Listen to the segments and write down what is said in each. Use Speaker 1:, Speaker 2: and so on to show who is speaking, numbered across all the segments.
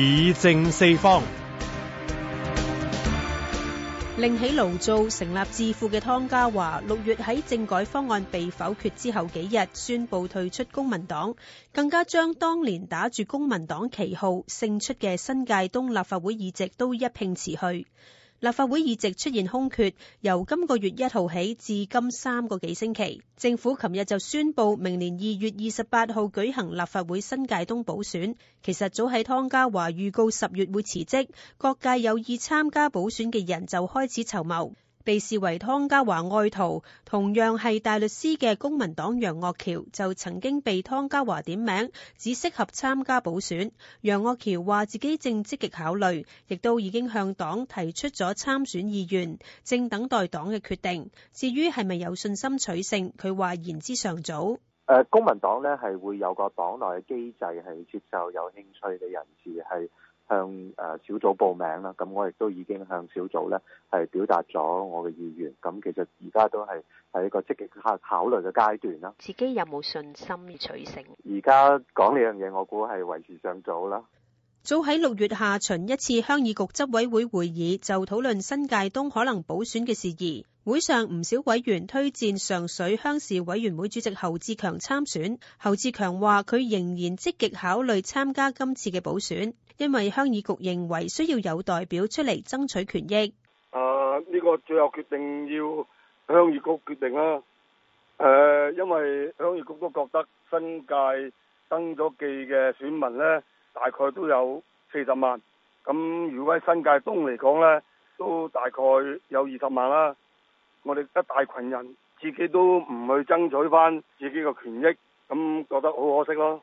Speaker 1: 議政四方。另起爐灶成立智庫嘅湯家驊，六月喺政改方案被否決之後幾日，宣布退出公民黨，更加將當年打住公民黨旗號勝出嘅新界東立法會議席都一併辭去。立法會議席出現空缺，由今個月一號起至今三個幾星期，政府琴日就宣布明年二月二十八號舉行立法會新界東補選。其實早喺湯家驊預告十月會辭職，各界有意參加補選嘅人就開始籌謀。被視為湯家驊愛徒，同樣係大律師嘅公民黨楊岳橋就曾經被湯家驊點名，只適合參加補選。楊岳橋話自己正積極考慮，亦都已經向黨提出咗參選意願，正等待黨嘅決定。至於係咪有信心取勝，佢話言之尚早。公民黨呢係會有個黨內嘅機制，係接受有興趣嘅人士係向誒小組報名啦，咁我亦都已經向小組咧係表達咗我嘅意願，咁其實而家都係喺一個積極考考慮嘅階段啦。自己有冇信心取勝？而家講呢樣嘢，我估係為時尚早啦。早喺六月下旬一次鄉議局執委會會會議，就討論新界東可能補選嘅事宜。會上唔少委員推薦上水鄉事委員會主席侯志強參選。侯志強話：佢仍然積極考慮參加今次嘅補選，因為鄉議局認為需要有代表出嚟爭取權益。誒、啊，呢、這個最後決定要鄉議局決定啦。誒、啊，因為鄉議局都覺得新界登咗記嘅選民呢，大概都有四十萬，咁如果喺新界東嚟講呢，都大概有二十萬啦。我哋一大群人，自己都唔去爭取翻自己嘅權益，咁覺得好可惜咯。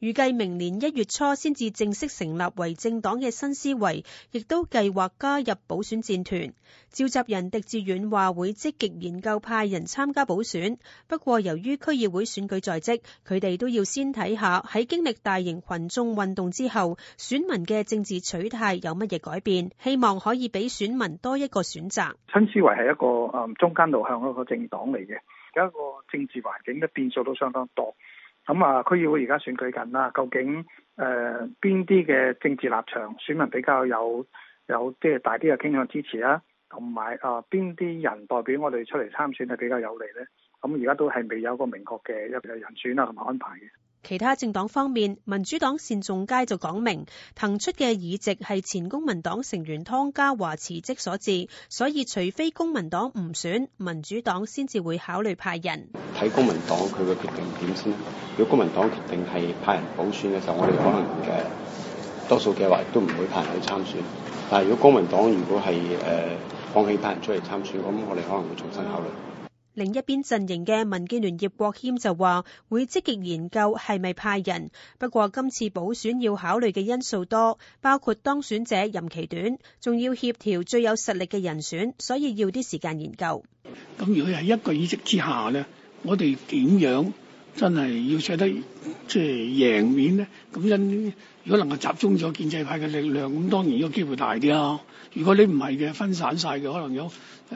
Speaker 1: 預計明年一月初先至正式成立為政黨嘅新思維，亦都計劃加入補選戰團。召集人狄志遠話會積極研究派人參加補選，不過由於區議會選舉在即，佢哋都要先睇下喺經歷大型群衆運動之後，選民嘅政治取態有乜嘢改變，希望可以俾選民多一個選擇。新思維係一個誒中間路向嘅一個政黨嚟嘅，而家個政治環境嘅變數都相當多。咁啊、嗯，區議會而家選舉緊啦，究竟誒邊啲嘅政治立場，選民比較有有即係大啲嘅傾向支持啊？同埋啊，邊、呃、啲人代表我哋出嚟參選係比較有利呢？咁而家都係未有個明確嘅一人選啊，同埋安排嘅。其他政黨方面，民主黨單仲偕就講明，騰出嘅議席係前公民黨成員湯家驊辭職所致，所以除非公民黨唔選，民主黨先至會考慮派人。睇公民黨佢嘅決定點先。如果公民黨決定係派人補選嘅時候，我哋可能誒多數嘅話都唔會派人去參選。但係如果公民黨如果係誒、呃、放棄派人出嚟參選，咁我哋可能會重新考慮。另一邊陣營嘅民建聯葉國謙就話：會積極研究係咪派人，不過今次補選要考慮嘅因素多，包括當選者任期短，仲要協調最有實力嘅人選，所以要啲時間研究。咁如果係一個議席之下呢，我哋點樣？真係要取得即係贏面咧，咁因如果能夠集中咗建制派嘅力量，咁當然個機會大啲啦。如果你唔係嘅分散晒嘅，可能有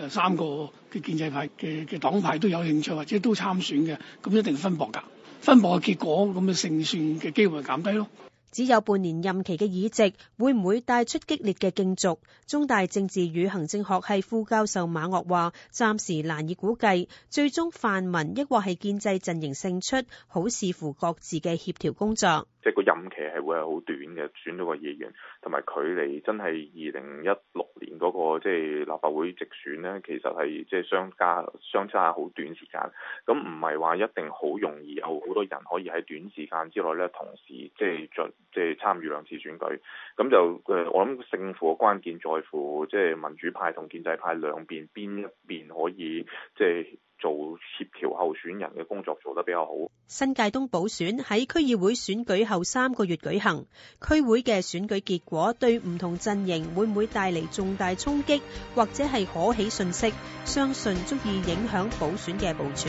Speaker 1: 誒三個嘅建制派嘅嘅黨派都有興趣或者都參選嘅，咁一定要分薄噶。分薄嘅結果，咁就勝算嘅機會就減低咯。只有半年任期嘅議席會唔會帶出激烈嘅競逐？中大政治與行政學系副教授馬岳話暫時難以估計，最終泛民抑或係建制陣營勝出，好視乎各自嘅協調工作。即係個任期係會係好短嘅，選咗個議員，同埋距離真係二零一六年嗰個即係立法會直選咧，其實係即係相加相差好短時間，咁唔係話一定好容易有好多人可以喺短時間之內咧同時即係進即係參與兩次選舉，咁就誒，我諗勝負嘅關鍵在乎即係、就是、民主派同建制派兩邊邊一邊可以即係、就是、做協調候選人嘅工作做得比較好。新界東補選喺區議會選舉後三個月舉行，區會嘅選舉結果對唔同陣營會唔會帶嚟重大衝擊，或者係可喜訊息，相信足以影響補選嘅部署。